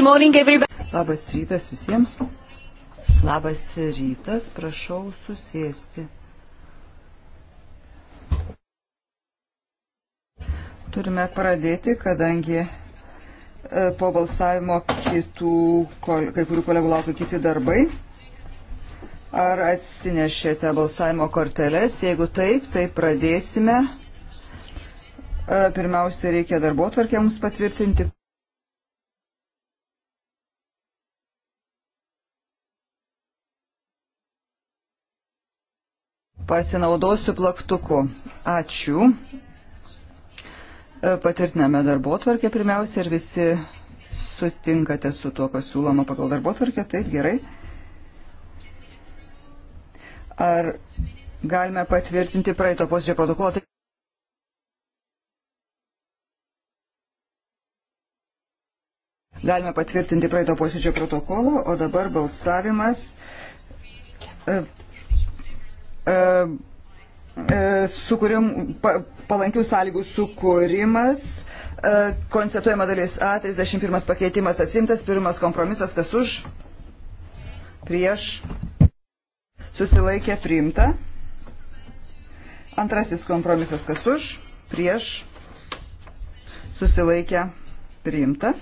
Good morning, everybody. Labas rytas visiems. Labas rytas, prašau susėsti. Turime pradėti, kadangi e, po balsavimo kitų, kai kurių kolegų laukia kiti darbai. Ar atsinešėte balsavimo korteles? Jeigu taip, tai pradėsime. E, pirmiausia, reikia darbo tvarkę mums patvirtinti. Pasinaudosiu plaktuku. Ačiū. E, patvirtiname darbo tvarkę pirmiausia ir visi sutinkate su tuo, kas siūloma pagal darbo tvarkę. Taip, gerai. Ar galime patvirtinti praeito posėdžio protokolą? Tai- galime patvirtinti praeito posėdžio protokolą, o dabar balsavimas e, E, e, sukūrim, pa, palankių sąlygų sukūrimas, e, konstatuojama dalis A, 31 pakeitimas atsimtas, pirmas kompromisas, kas už, prieš, susilaikė priimta, antrasis kompromisas, kas už, prieš, susilaikė priimta,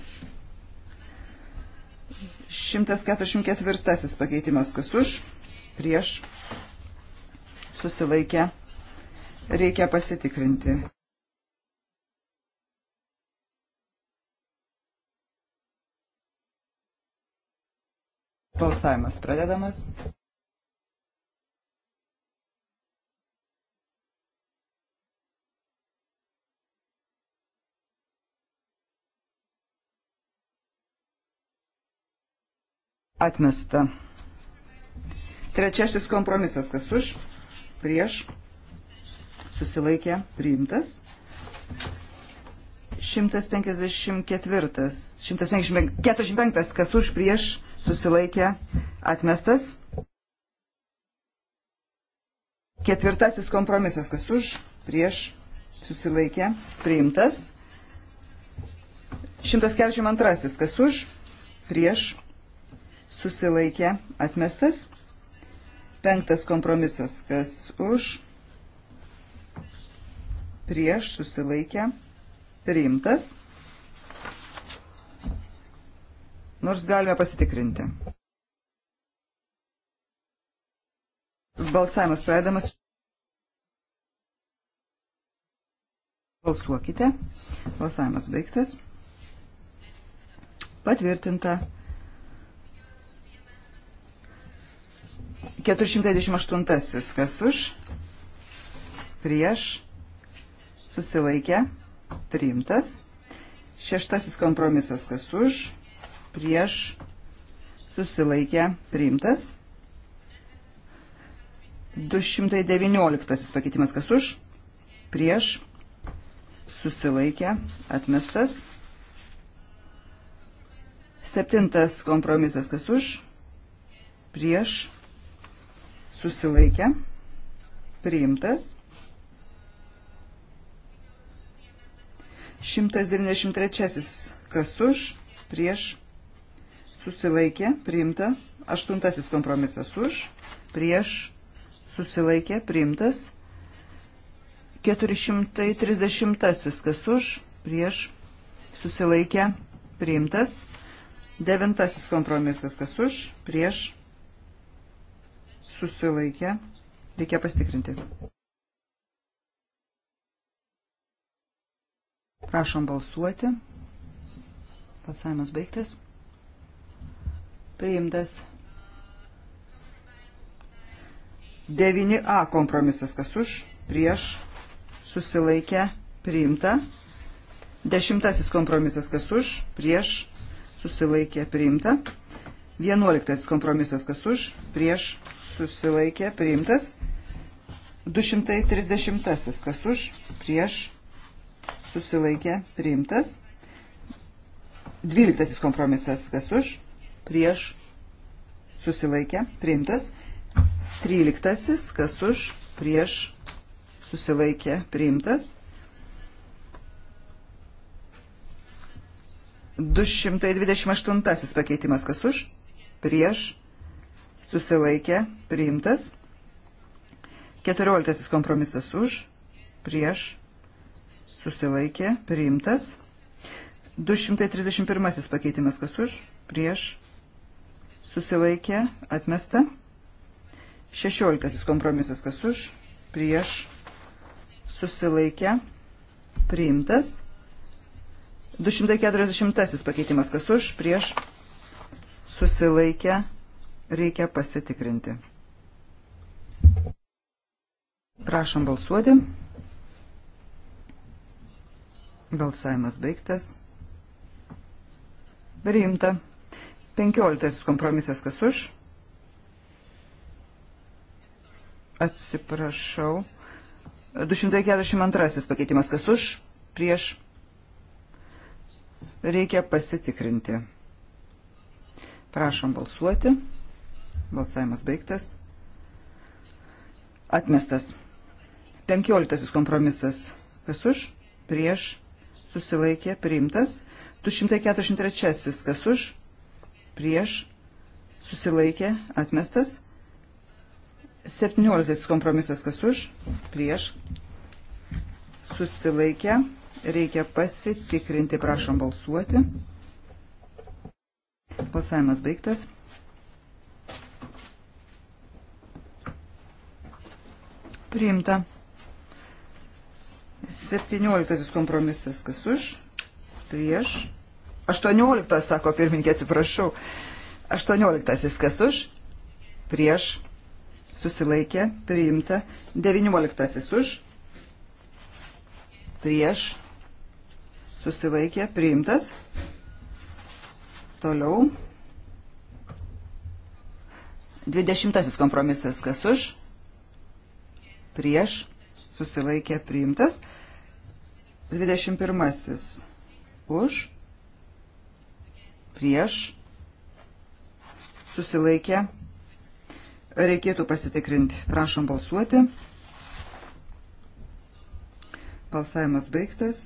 144 pakeitimas, kas už, prieš, susilaikė priimta susilaikę, reikia pasitikrinti. Balsavimas pradedamas. Atmesta. Trečiasis kompromisas, kas už? prieš, susilaikė, priimtas. 154, 145, kas už prieš, susilaikė, atmestas. Ketvirtasis kompromisas, kas už prieš, susilaikė, priimtas. 142, kas už prieš, susilaikė, atmestas. Penktas kompromisas, kas už, prieš, susilaikę, priimtas. Nors galime pasitikrinti. Balsavimas pradedamas. Balsuokite. Balsavimas baigtas. Patvirtinta. 428. Kas už? Prieš. Susilaikę. Priimtas. Šeštasis kompromisas. Kas už? Prieš. Susilaikę. Priimtas. 219 pakeitimas. Kas už? Prieš. Susilaikę. Atmestas. Septintas kompromisas. Kas už? Prieš susilaikė, priimtas. 193 kas už, prieš, susilaikė, priimta. 8 kompromisas už, prieš, susilaikė, priimtas. 430 kas už, prieš, susilaikė, priimtas. Devintasis kompromisas kas už, prieš, susilaikė, reikia pastikrinti. Prašom balsuoti. Balsavimas baigtas. Priimtas 9a kompromisas, kas už, prieš, susilaikę, priimta. Dešimtasis kompromisas, kas už, prieš, susilaikė, priimta. Vienuoliktasis kompromisas, kas už, prieš, susilaikė, priimtas. 230. Kas už, prieš, susilaikė, priimtas. 12. Kompromisas. Kas už, prieš, susilaikė, priimtas. 13. Kas už, prieš, susilaikė, priimtas. 228 pakeitimas kas už, prieš, susilaikė, priimtas. 14 kompromisas už, prieš, susilaikė, priimtas. 231 pakeitimas kas už, prieš, susilaikė, atmesta. 16 kompromisas kas už, prieš, susilaikė, priimtas. 240 pakeitimas kas už, prieš, susilaikė, priimtas reikia pasitikrinti. Prašom balsuoti. Balsavimas baigtas. Priimta. 15 kompromisas kas už. Atsiprašau. 242 pakeitimas kas už. Prieš. Reikia pasitikrinti. Prašom balsuoti. Balsavimas baigtas. Atmestas. Penkioliktasis kompromisas. Kas už? Prieš. Susilaikė. Priimtas. 243. Kas už? Prieš. Susilaikė. Atmestas. 17 kompromisas kas už, prieš, susilaikę, reikia pasitikrinti, prašom balsuoti. Balsavimas baigtas. Priimta. 17 kompromisas. Kas už? Prieš. 18, sako pirmininkė, atsiprašau. 18 kas už? Prieš. Susilaikė. Priimta. 19 už? Prieš. Susilaikė. Priimtas. Toliau. 20 kompromisas. Kas už? prieš, susilaikė priimtas. 21. Už, prieš, susilaikė. Reikėtų pasitikrinti. Prašom balsuoti. Balsavimas baigtas.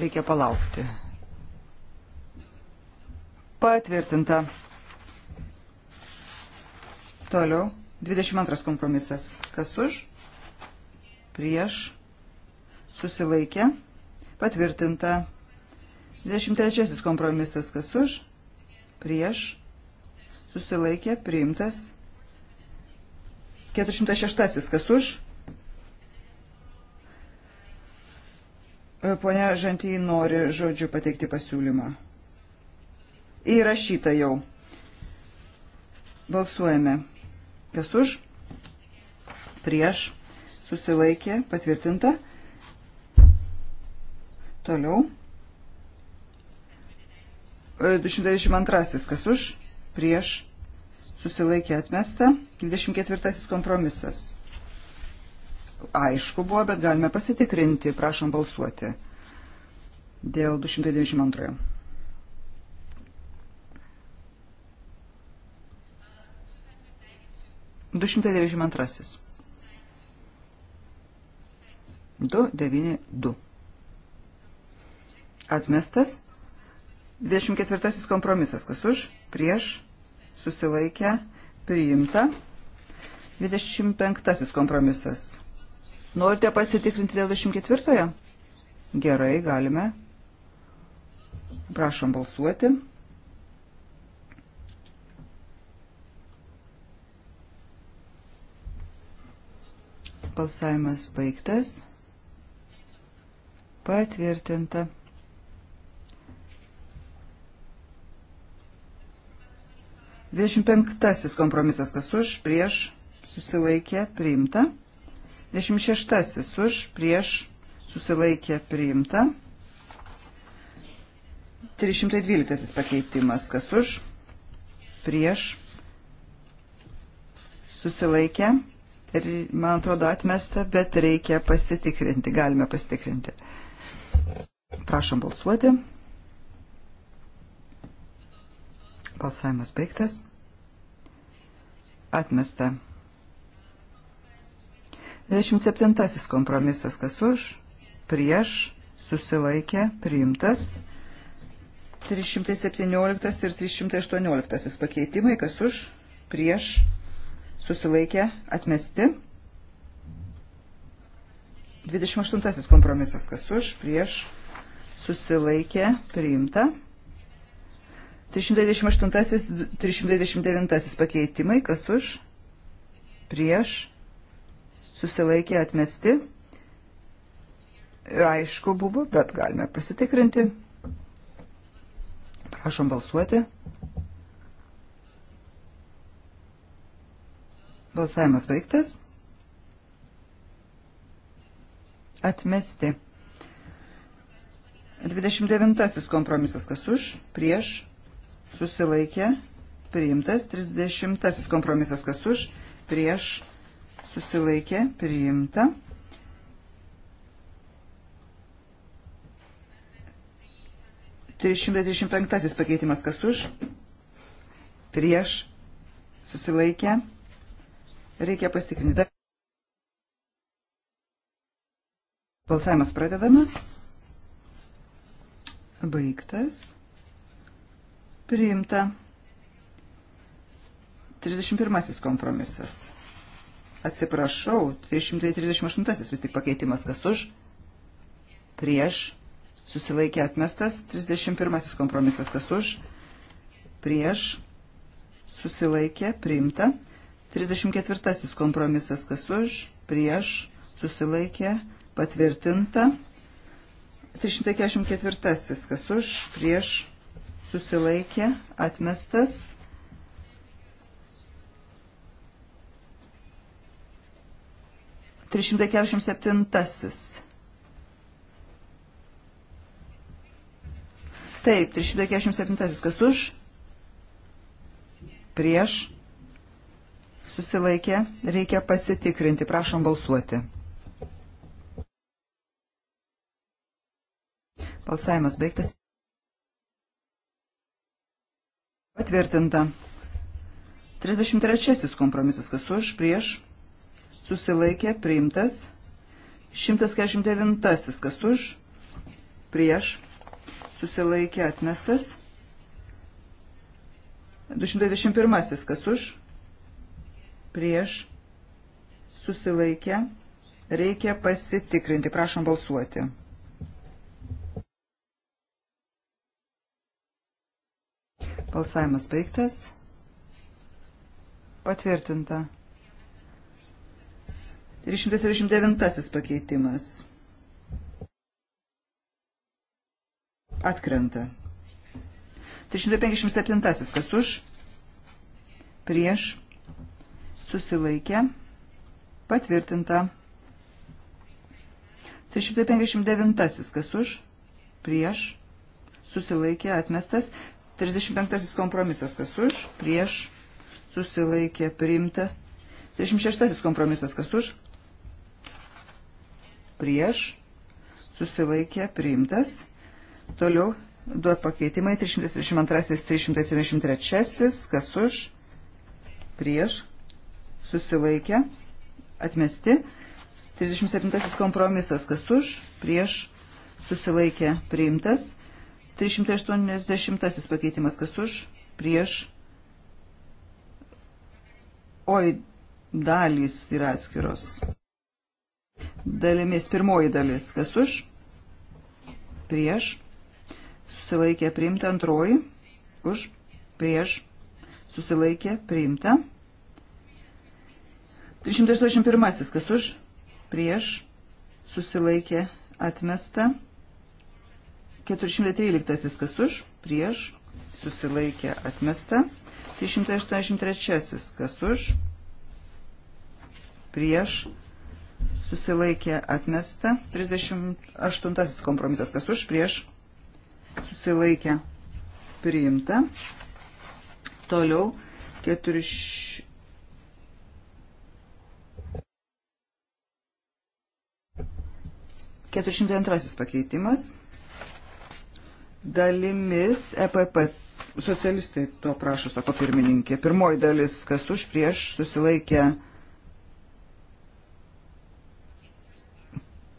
Reikia palaukti. Patvirtinta. Toliau. 22 kompromisas. Kas už? Prieš. Susilaikė. Patvirtinta. 23 kompromisas. Kas už? Prieš. Susilaikė. Priimtas. 406. Kas už? Pone Žantijai nori žodžiu pateikti pasiūlymą. Įrašyta jau. Balsuojame. Kas už? Prieš. Susilaikė. Patvirtinta. Toliau. 222. E, Kas už? Prieš. Susilaikė atmesta. 24. Kompromisas. Aišku buvo, bet galime pasitikrinti. Prašom balsuoti. Dėl 292. 292. 292. Atmestas. 24 kompromisas. Kas už? Prieš. Susilaikę. Priimta. 25 kompromisas. Norite pasitikrinti dėl 24? -ojo? Gerai, galime. Prašom balsuoti. Balsavimas baigtas. Patvirtinta. Dvidešimt penktasis kompromisas, kas už, prieš, susilaikė, priimta. Dvidešimt šeštasis už, prieš, susilaikė, priimta. 312 pakeitimas, kas už, prieš, susilaikė, priimta man atrodo, atmesta, bet reikia pasitikrinti, galime pasitikrinti. Prašom balsuoti. Balsavimas baigtas. Atmesta. 27 kompromisas, kas už, prieš, susilaikė, priimtas. 317 ir 318 pakeitimai, kas už, prieš, susilaikė atmesti. 28 kompromisas, kas už, prieš, susilaikė, priimta. 328, 329 pakeitimai, kas už, prieš, susilaikė, atmesti. Aišku buvo, bet galime pasitikrinti. Prašom balsuoti. Prašom balsuoti. Balsavimas baigtas. Atmesti. 29 kompromisas kas už, prieš, susilaikė, priimtas. 30 kompromisas kas už, prieš, susilaikė, priimta. Tai 125 pakeitimas kas už, prieš, susilaikė, priimta Reikia pasitikrinti. Balsavimas pradedamas. Baigtas. Priimta. 31 kompromisas. Atsiprašau, 338 vis tik pakeitimas kas už. Prieš. Susilaikė atmestas. 31 kompromisas kas už. Prieš. Susilaikė priimta. 34 kompromisas kas už, prieš, susilaikė, patvirtinta. 344 kas už, prieš, susilaikė, atmestas. Trys šimtai keturiasdešimt septintasis. Taip, 347, kas už, prieš, susilaikė, reikia pasitikrinti. Prašom balsuoti. Balsavimas baigtas. Patvirtinta. 33 kompromisas, kas už, prieš, susilaikė, priimtas. 149 kas už, prieš, susilaikė, atmestas. 221 kas už, prieš susilaikę reikia pasitikrinti. Prašom balsuoti. Balsavimas baigtas. Patvirtinta. 379 pakeitimas. Atkrenta. 357 kas už? Prieš susilaikė, patvirtinta. 359 kas už, prieš, susilaikė, atmestas. 35 kompromisas kas už, prieš, susilaikė, priimta. 36 kompromisas kas už, prieš, susilaikė, priimtas. Toliau du pakeitimai, 322, 373, kas už, prieš, susilaikę, atmesti. 37 kompromisas, kas už, prieš, susilaikė, priimtas. 380 pakeitimas, kas už, prieš. Oi, dalys yra atskiros. Dalimis pirmoji dalis, kas už, prieš, susilaikė, priimta. Antroji, už, prieš, susilaikė, priimta. 381. Kas už? Prieš. Susilaikė. Atmesta. 413. Kas už? Prieš. Susilaikė. Atmesta. 383. Kas už? Prieš. Susilaikė. Atmesta. 38. Kompromisas. Kas už? Prieš. Susilaikė. Priimta. Toliau. 4 402 pakeitimas. Dalimis EPP socialistai to prašo, sako pirmininkė. Pirmoji dalis, kas už prieš susilaikė.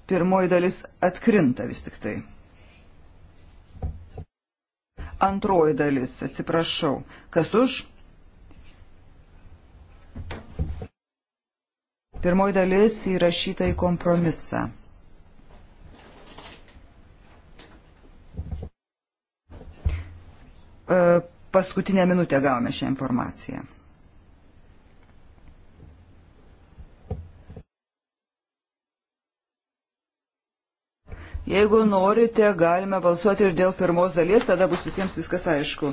Pirmoji dalis atkrinta vis tik tai. Antroji dalis, atsiprašau, kas už? Pirmoji dalis įrašyta į kompromisą. E, paskutinę minutę gavome šią informaciją. Jeigu norite, galime balsuoti ir dėl pirmos dalies, tada bus visiems viskas aišku.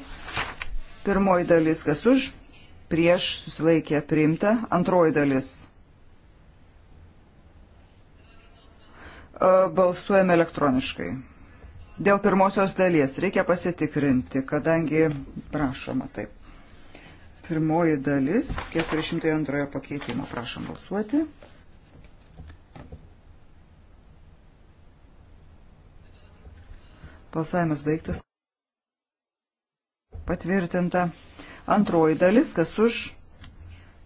Pirmoji dalis, kas už, prieš susilaikė priimta, antroji dalis. E, balsuojame elektroniškai. Dėl pirmosios dalies reikia pasitikrinti, kadangi prašoma taip. Pirmoji dalis 402 pakeitimo. Prašom balsuoti. Balsavimas baigtas. Patvirtinta. Antroji dalis, kas už,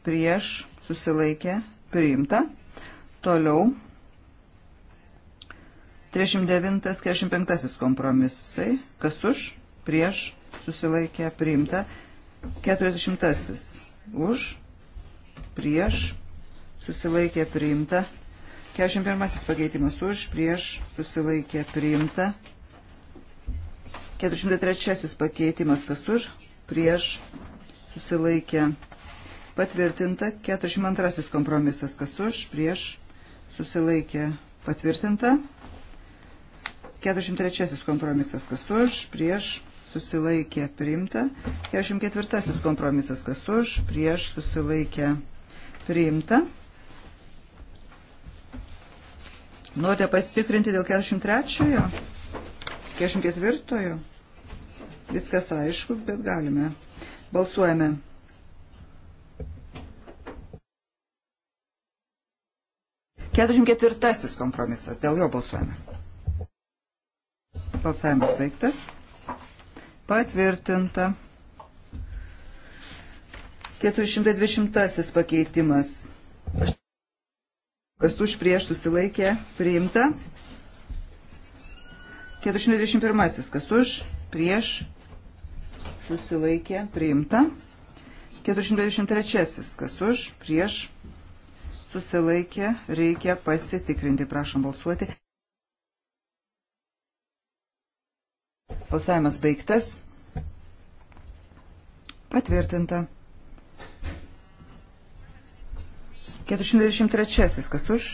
prieš, susilaikė, priimta. Toliau 39-45 kompromisai. Kas už? Prieš susilaikė priimta. 40 už. Prieš susilaikė priimta. 41 pakeitimas už. Prieš susilaikė priimta. 403 pakeitimas kas už. Prieš susilaikė patvirtinta. 42 kompromisas kas už. Prieš susilaikė patvirtinta. 43 kompromisas kas už, prieš susilaikė priimta. 44 kompromisas kas už, prieš susilaikė priimta. Norite pasitikrinti dėl 43-ojo? 44-ojo? Viskas aišku, bet galime. Balsuojame. Keturiasdešimt ketvirtasis kompromisas. Dėl jo balsuojame. Balsavimas baigtas. Patvirtinta. 420 pakeitimas. Kas už prieš susilaikė, priimta. 421. Kas už prieš susilaikė, priimta. 423. Kas už prieš susilaikė, reikia pasitikrinti. Prašom balsuoti. Balsavimas baigtas. Patvirtinta. 423. Kas už?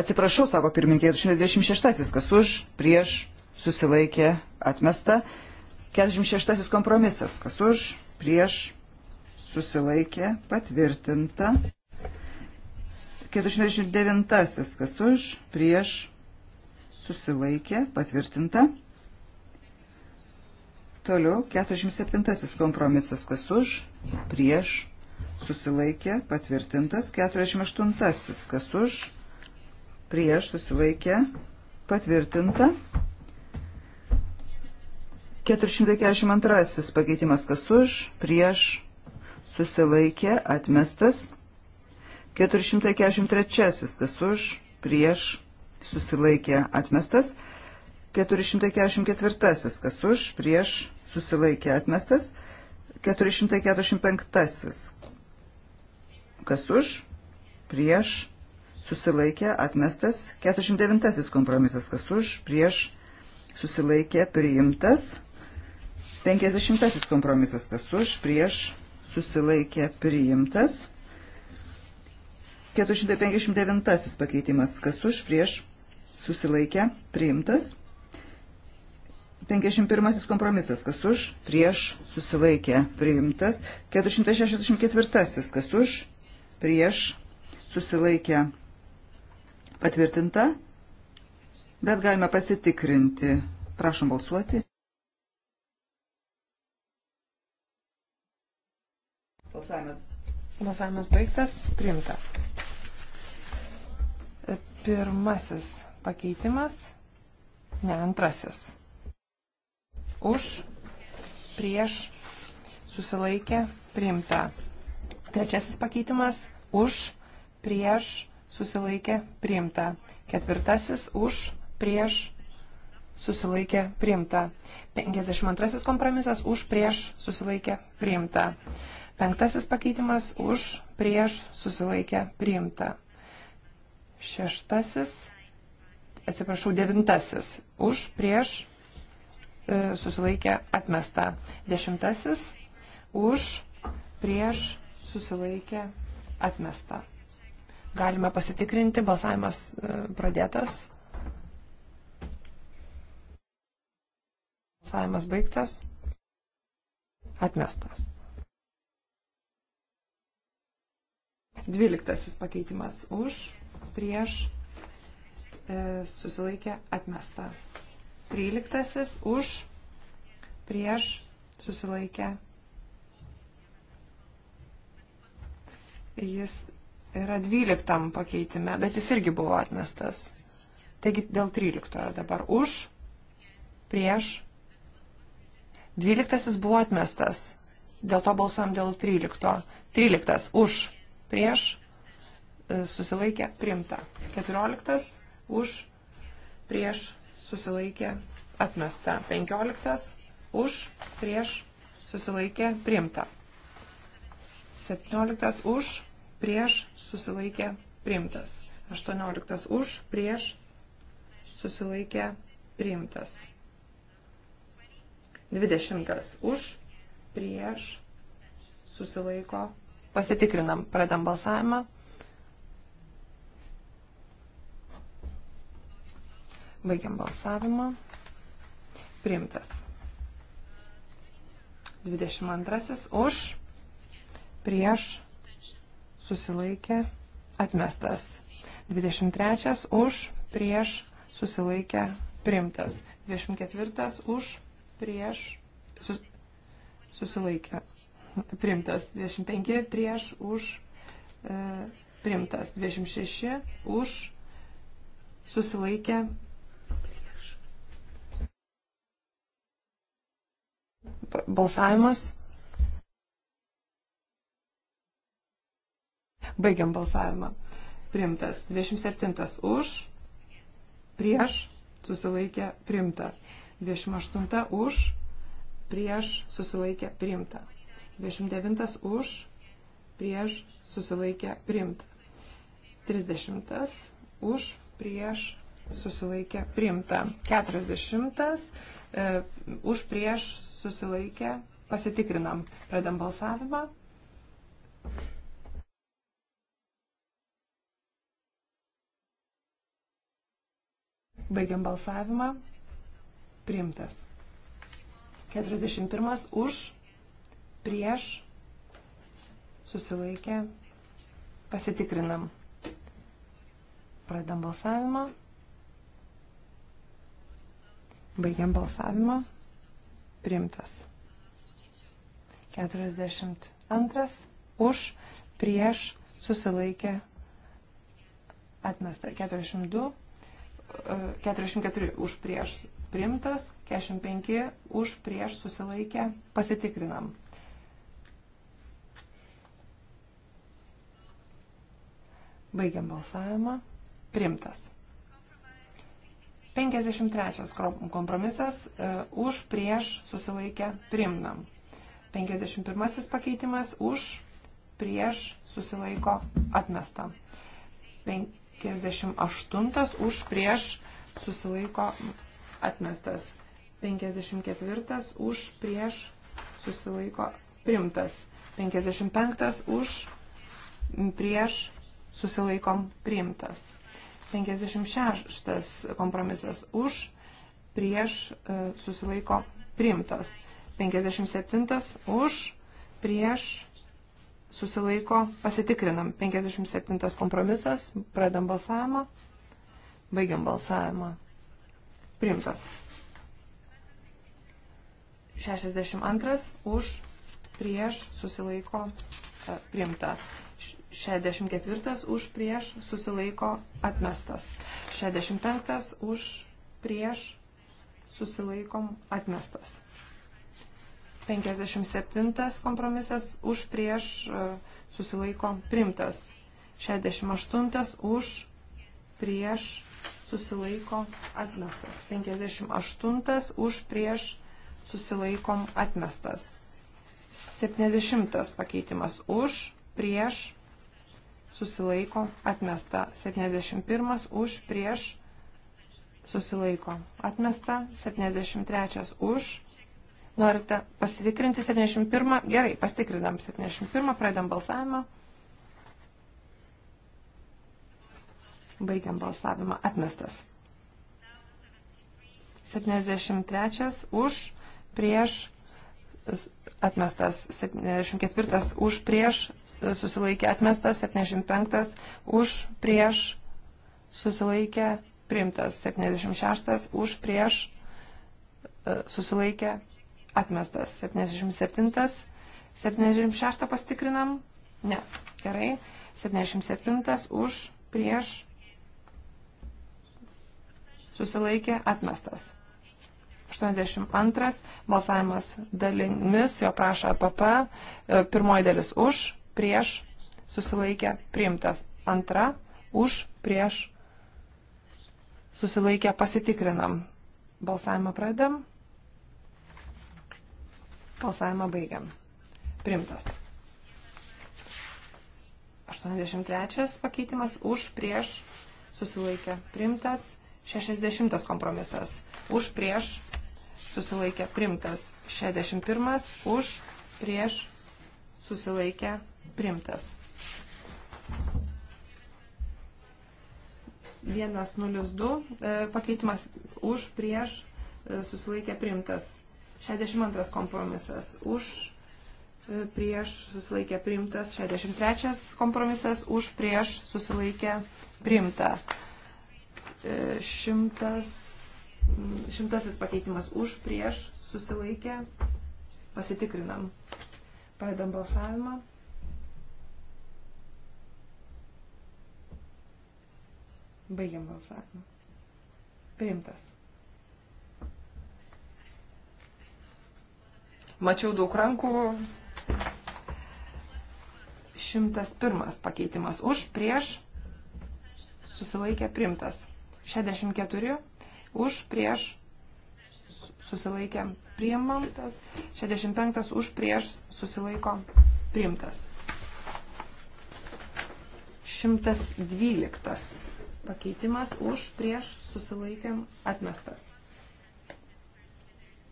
Atsiprašau, sako pirmininkė, 426. Kas už? Prieš susilaikė atmesta. 46. Kompromisas. Kas už? Prieš susilaikė patvirtinta. 429 kas už, prieš, susilaikė, patvirtinta. Toliau 47 kompromisas kas už, prieš, susilaikė, patvirtintas. 48 kas už, prieš, susilaikė, patvirtinta. 442 pakeitimas kas už, prieš, susilaikė, atmestas. 443 kas už, prieš, susilaikė atmestas. 444 kas už, prieš, susilaikė atmestas. 445 kas už, prieš, susilaikė atmestas. 409 kompromisas kas už, prieš, susilaikė priimtas. 50 kompromisas kas už, prieš, susilaikė priimtas. 459 pakeitimas. Kas už prieš susilaikę priimtas. 51 kompromisas. Kas už prieš susilaikę priimtas. 464 kas už prieš susilaikę patvirtinta. Bet galime pasitikrinti. Prašom balsuoti. Balsavimas. Balsavimas baigtas. Priimta. Pirmasis pakeitimas, ne antrasis. Už, prieš, susilaikė, priimta. Trečiasis pakeitimas, už, prieš, susilaikė, priimta. Ketvirtasis, už, prieš, susilaikė priimta. 52 kompromisas už prieš susilaikė priimta. Penktasis pakeitimas už prieš susilaikė priimta. Šeštasis, atsiprašau, devintasis už, prieš, e, susilaikė atmesta. Dešimtasis už, prieš, susilaikė atmesta. Galime pasitikrinti, balsavimas e, pradėtas. Balsavimas baigtas. Atmestas. Dvyliktasis pakeitimas už, prieš e, susilaikė atmesta. Tryliktasis už prieš susilaikė. Jis yra dvyliktam pakeitime, bet jis irgi buvo atmestas. Taigi dėl tryliktojo dabar už prieš. Dvyliktasis buvo atmestas. Dėl to balsuojam dėl trylikto. Tryliktas už prieš E, susilaikė primta. 14 už prieš susilaikė atmesta. 15 už prieš susilaikė primta. 17 už prieš susilaikė primtas. 18 už prieš susilaikė priimtas. 20 už prieš susilaiko. Pasitikrinam, pradam balsavimą. Baigiam balsavimą. Priimtas. 22 už, prieš, susilaikė, atmestas. 23 už, prieš, susilaikė, priimtas. 24 už, prieš, sus, susilaikė, priimtas. 25 prieš, už, e, priimtas. 26 už, susilaikė, priimtas Balsavimas. Baigiam balsavimą. Primtas. 27 už, prieš, susilaikė, primta. 28 už, prieš, susilaikė, primta. 29 už, prieš, susilaikė, primta. 30 už, prieš, susilaikė, primta. 40 e, už, prieš, susilaikė, pasitikrinam. Pradam balsavimą. Baigiam balsavimą. Priimtas. 41 už, prieš, susilaikė, pasitikrinam. Pradam balsavimą. Baigiam balsavimą primtas. 42 už, prieš, susilaikė, atmesta. 42, 44 e, už, prieš, primtas. 45 už, prieš, susilaikė, pasitikrinam. Baigiam balsavimą. Primtas. 53 kompromisas e, už prieš susilaikę primnam. 51 pakeitimas už prieš susilaiko atmesta. 58 už prieš susilaiko atmestas. 54 už prieš susilaiko primtas. 55 už prieš susilaikom primtas. 56 kompromisas už, prieš e, susilaiko priimtas. 57 už, prieš susilaiko pasitikrinam. 57 kompromisas, pradam balsavimą, baigiam balsavimą. Priimtas. 62 už, prieš susilaiko e, priimta. 64 už prieš susilaiko atmestas. 65 už prieš susilaikom atmestas. 57 kompromisas už prieš susilaiko primtas. 68 už prieš susilaiko atmestas. 58 už prieš e, susilaikom atmestas. 70 pakeitimas už prieš susilaiko atmesta. 71 už prieš susilaiko atmesta. 73 už. Norite pasitikrinti 71? Gerai, pasitikrinam 71, praeidam balsavimą. Baigiam balsavimą. Atmestas. 73 už prieš atmestas. 74 už prieš susilaikė atmestas, 75 už prieš susilaikė priimtas, 76 e, už prieš susilaikė atmestas, 77, 76 pastikrinam, ne, gerai, 77 už prieš susilaikė atmestas. 82 balsavimas dalimis, jo prašo APP, e e, pirmoji dalis už, prieš, susilaikė, priimtas. Antra, už, prieš, susilaikė, pasitikrinam. Balsavimą pradedam. Balsavimą baigiam. Primtas. 83 pakeitimas už prieš susilaikė. Primtas. 60 kompromisas. Už prieš susilaikė. Primtas. 61 už prieš susilaikė primtas. 102 e, pakeitimas už prieš e, susilaikė primtas. 62 kompromisas už e, prieš susilaikė primtas. 63 kompromisas už prieš susilaikė primta. Šimtas, šimtasis pakeitimas už prieš susilaikė. Pasitikrinam. Pradedam balsavimą. Baigiam balsavimą. Priimtas. Mačiau daug rankų. 101 pakeitimas už, prieš, susilaikė primtas. 64 už, prieš, susilaikė priimtas. 65 už, prieš, susilaiko primtas. 112 pakeitimas už prieš susilaikėm atmestas.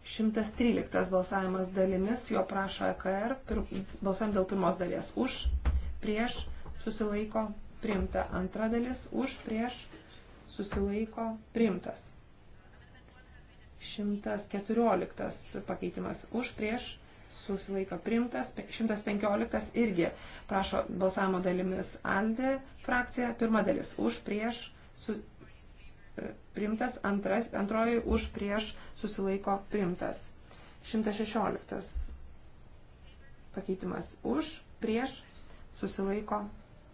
113 balsavimas dalimis, jo prašo EKR, pir, balsuojam dėl pirmos dalies už, prieš susilaiko priimta antra dalis, už prieš susilaiko priimtas. 114 pakeitimas už prieš susilaiko primtas, 115 irgi prašo balsavimo dalimis Aldė frakcija, pirma dalis už, prieš, su, e, primtas, antras, antroji už, prieš, susilaiko primtas. 116 pakeitimas už, prieš, susilaiko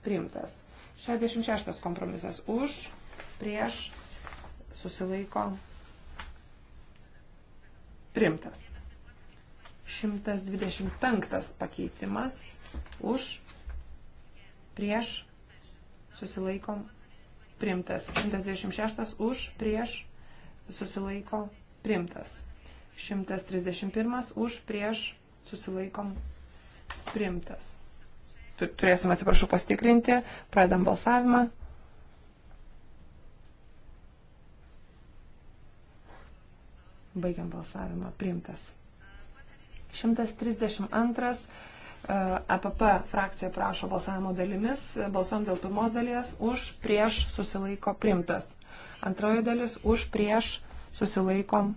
primtas. 66 kompromisas už, prieš, susilaiko primtas. 125 pakeitimas už, prieš, susilaikom, primtas. 126 už, prieš, susilaiko, primtas. 131 už, prieš, susilaikom, primtas. Turėsim, atsiprašau, pastikrinti. Pradam balsavimą. Baigiam balsavimą. Primtas. 132. APP e, frakcija prašo balsavimo dalimis. Balsuom dėl pirmos dalies. Už, prieš, susilaiko, primtas. Antroji dalis. Už, prieš, susilaikom,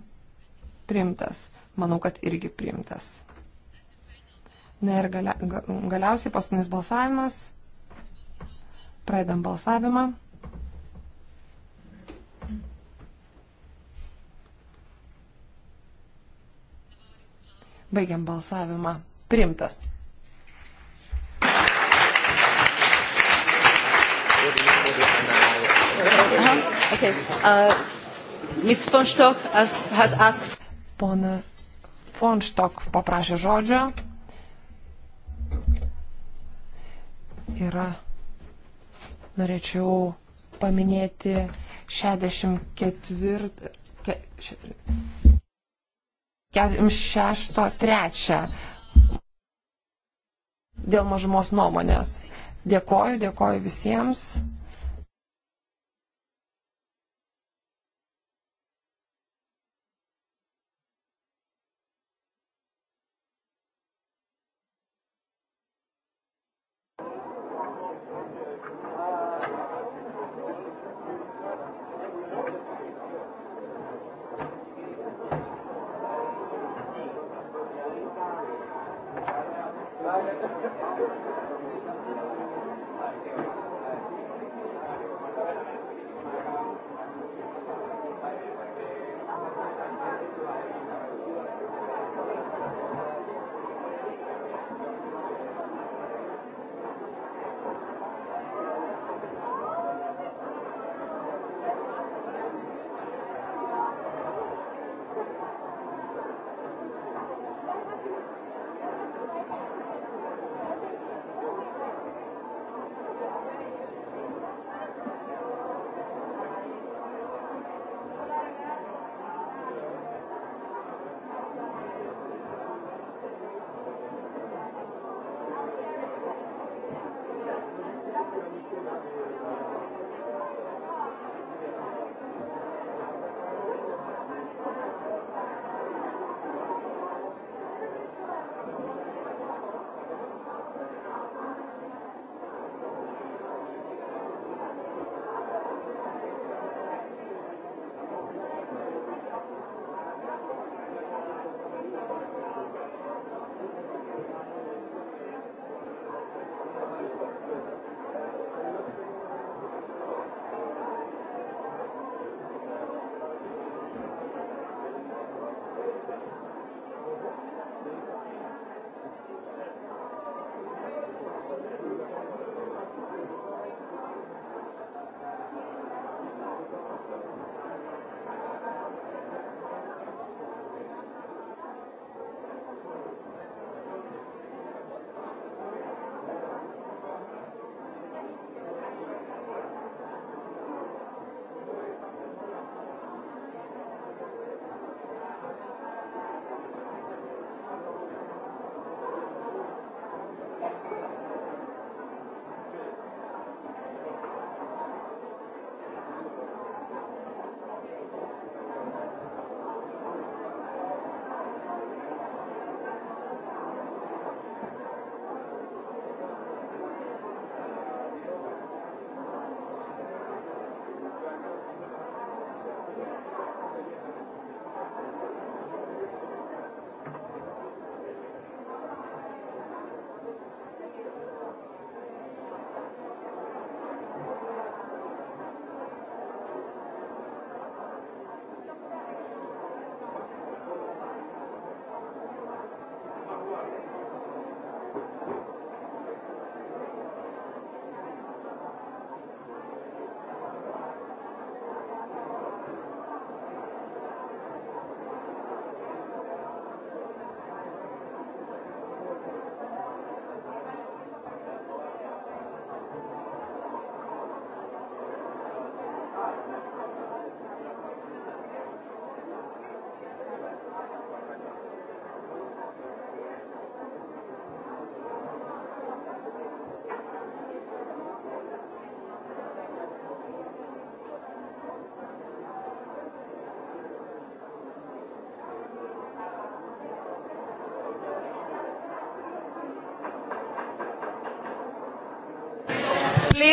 primtas. Manau, kad irgi primtas. Na ir galia, ga, galiausiai paskutinis balsavimas. Praeidam balsavimą. Baigiam balsavimą. Primtas. Okay. Uh, has, has asked... Pona Fonštok paprašė žodžio. Yra, norėčiau paminėti 64, 46.3. Dėl mažumos nuomonės. Dėkoju, dėkoju visiems.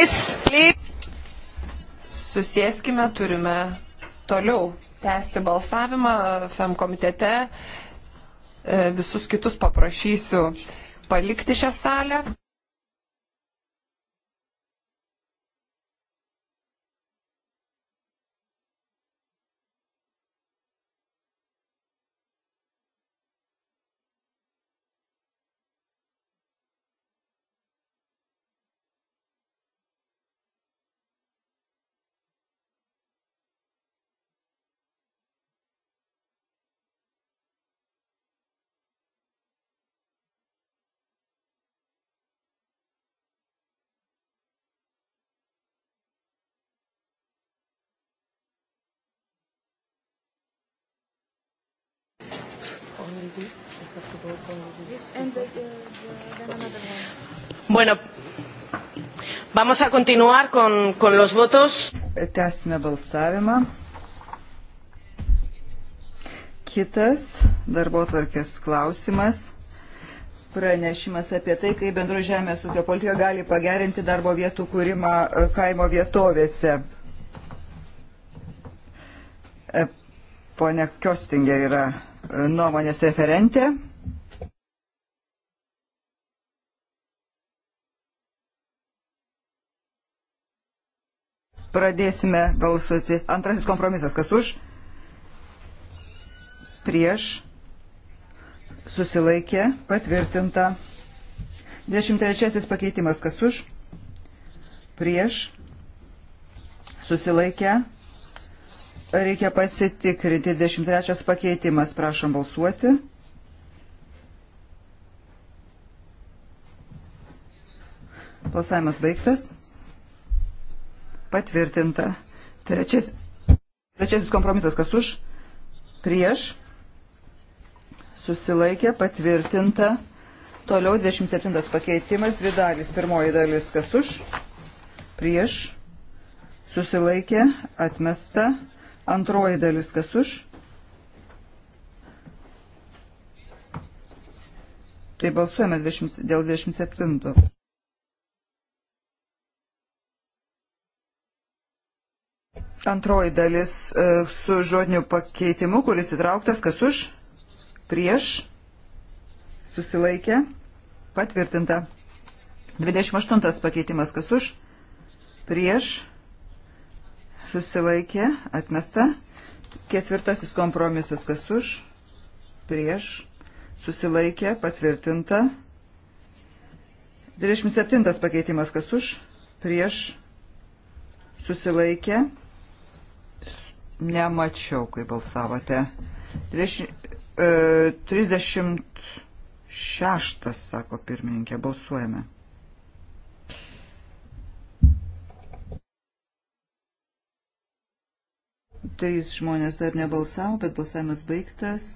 please, please. Susieskime, turime toliau tęsti balsavimą FEM komitete. E, visus kitus paprašysiu palikti šią salę. Bueno, vamos a continuar con, con los votos. Tęsime balsavimą. Kitas darbo tvarkės klausimas pranešimas apie tai, kaip bendro žemės ūkio politika gali pagerinti darbo vietų kūrimą e, kaimo vietovėse. E, Pone Kjostinger yra nuomonės referentė. Pradėsime balsuoti. Antrasis kompromisas. Kas už? Prieš. Susilaikė. Patvirtinta. 23 pakeitimas. Kas už? Prieš. Susilaikė. Reikia pasitikrinti. 23 pakeitimas. Prašom balsuoti. Balsavimas baigtas. Patvirtinta. Trečias, trečiasis kompromisas. Kas už? Prieš. Susilaikė. Patvirtinta. Toliau 27 pakeitimas. Dvi dalys. Pirmoji dalis. Kas už? Prieš. Susilaikė. Atmesta. Atmesta. Antroji dalis kas už? Tai balsuojame 20, dėl 27. Antroji dalis e, su žodiniu pakeitimu, kuris įtrauktas, kas už, prieš, susilaikė, patvirtinta. 28 pakeitimas, kas už, prieš, susilaikė susilaikė, atmesta. Ketvirtasis kompromisas, kas už, prieš, susilaikė, patvirtinta. 27 pakeitimas, kas už, prieš, susilaikė. Nemačiau, kai balsavote. 20, e, 36, sako pirmininkė, balsuojame. Trys žmonės dar nebalsavo, bet balsavimas baigtas.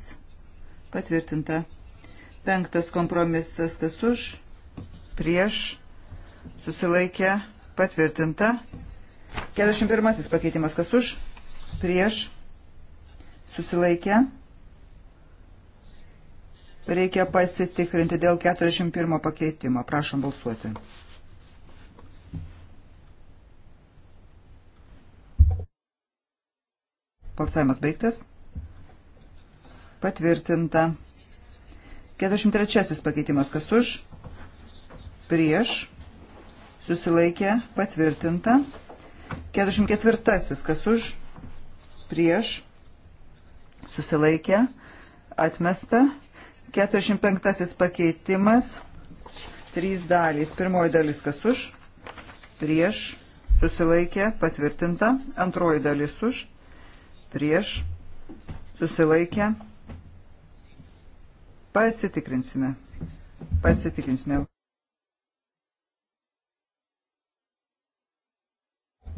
Patvirtinta. Penktas kompromisas, kas už, prieš, susilaikė, patvirtinta. 41 pakeitimas, kas už, prieš, susilaikė. Reikia pasitikrinti dėl 41 pakeitimo. Prašom balsuoti. Balsavimas baigtas. Patvirtinta. 43 pakeitimas kas už? Prieš. Susilaikė. Patvirtinta. 44 kas už? Prieš. Susilaikė. Atmesta. 45 pakeitimas. Trys dalys. Pirmoji dalis kas už? Prieš. Susilaikė. Patvirtinta. Antroji dalis už? Prieš prieš, susilaikę, pasitikrinsime, pasitikrinsime.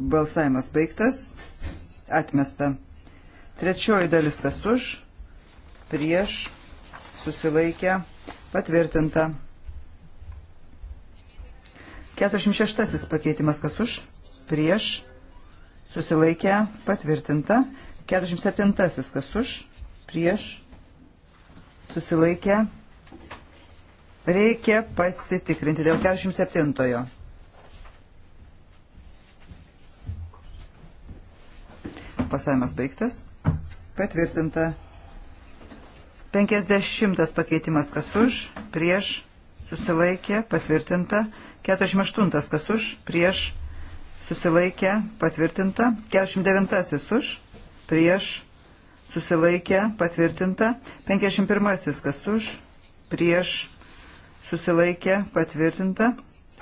Balsavimas baigtas, atmesta. Trečioji dalis kas už, prieš, susilaikę, patvirtinta. 46 pakeitimas kas už, prieš, susilaikę, patvirtinta. 47. Kas už, prieš, susilaikę. Reikia pasitikrinti dėl 47. -ojo. Pasavimas baigtas. Patvirtinta. 50 pakeitimas kas už, prieš, susilaikė, patvirtinta. 48 kas už, prieš, susilaikė, patvirtinta. 49 už, prieš, susilaikę, patvirtinta. 51 kas už, prieš, susilaikę, patvirtinta.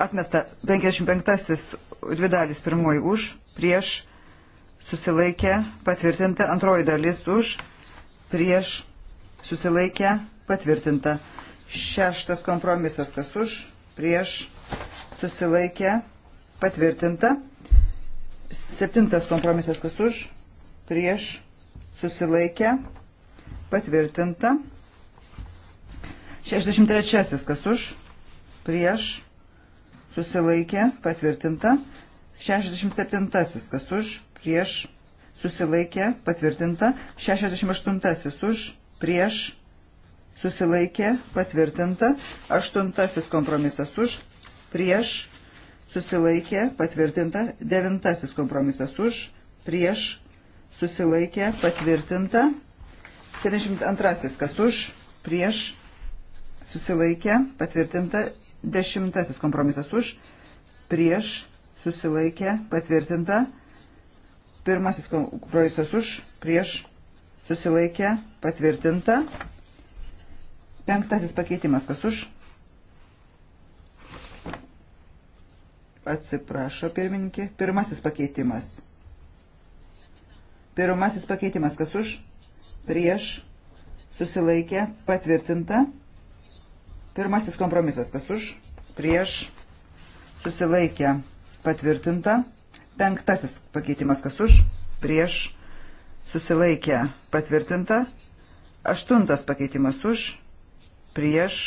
Atmesta 55 dvi dalis pirmoji už, prieš, susilaikę, patvirtinta. Antroji dalis už, prieš, susilaikę, patvirtinta. Šeštas kompromisas kas už, prieš, susilaikę, patvirtinta. Septintas kompromisas kas už, prieš susilaikę patvirtinta. 63 kas už prieš susilaikė patvirtinta. 67 kas už prieš susilaikė patvirtinta. 68 už prieš susilaikė patvirtinta. 8 kompromisas už prieš susilaikė patvirtinta. 9 kompromisas už prieš susilaikė, patvirtinta. 72. Kas už, prieš, susilaikė, patvirtinta. 10. Kompromisas už, prieš, susilaikė, patvirtinta. Pirmasis kompromisas už, prieš, susilaikė, patvirtinta. Penktasis pakeitimas, kas už? Atsiprašo pirmininkė. Pirmasis pakeitimas. Pirmasis pakeitimas, kas už, prieš, susilaikė, patvirtinta. Pirmasis kompromisas, kas už, prieš, susilaikė, patvirtinta. Penktasis pakeitimas, kas už, prieš, susilaikė, patvirtinta. Aštuntas pakeitimas už, prieš,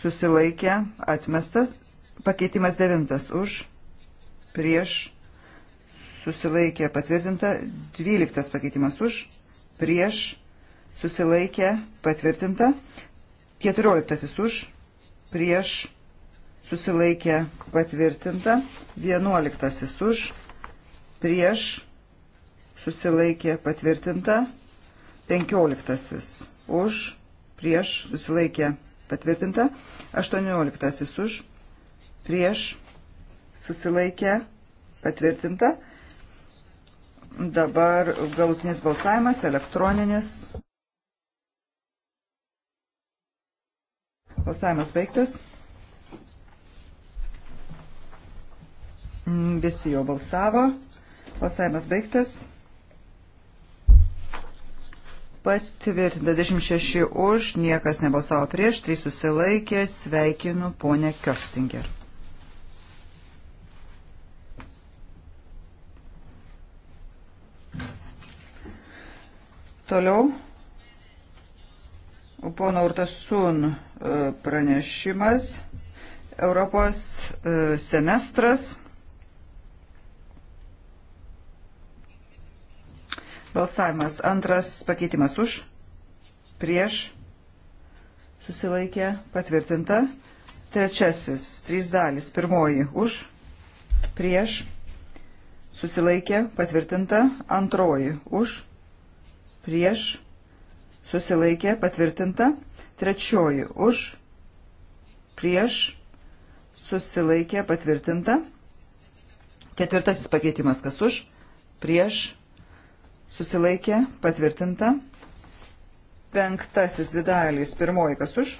susilaikė, atmestas. Pakeitimas devintas už, prieš, susilaikė susilaikė patvirtinta, 12 pakeitimas už, prieš, susilaikė patvirtinta, 14 už, prieš, susilaikė patvirtinta, 11 už, prieš, susilaikė patvirtinta, 15 už, prieš, susilaikė patvirtinta, 18 už, prieš, susilaikė patvirtinta, Dabar galutinis balsavimas elektroninis. Balsavimas baigtas. Mm, visi jau balsavo. Balsavimas baigtas. Patvirtinta 26 už, niekas nebalsavo prieš, tai susilaikė, sveikinu ponę Köstinger. Toliau pono Urtasun e, pranešimas, Europos e, semestras. Balsavimas antras pakeitimas už, prieš, susilaikė, patvirtinta. Trečiasis, trys dalis, pirmoji už, prieš, susilaikė, patvirtinta. Antroji už, prieš prieš, susilaikė, patvirtinta. Trečioji už, prieš, susilaikė, patvirtinta. Ketvirtasis pakeitimas, kas už, prieš, susilaikė, patvirtinta. Penktasis didelis, pirmoji, kas už,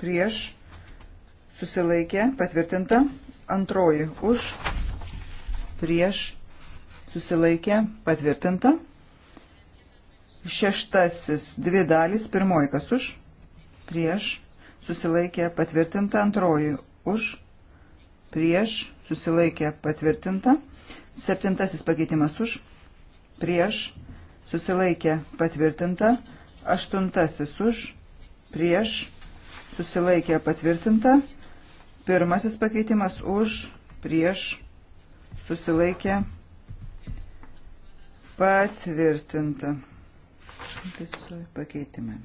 prieš, susilaikė, patvirtinta. Antroji už, prieš, susilaikė, patvirtinta. Šeštasis, dvi dalys, pirmoji kas už, prieš, susilaikė patvirtinta, antroji už, prieš, susilaikė patvirtinta, septintasis pakeitimas už, prieš, susilaikė patvirtinta, aštuntasis už, prieš, susilaikė patvirtinta, pirmasis pakeitimas už, prieš, susilaikė patvirtinta visų pakeitimai.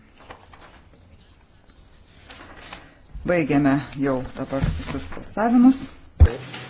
Baigiame jau dabar visus balsavimus. Taip.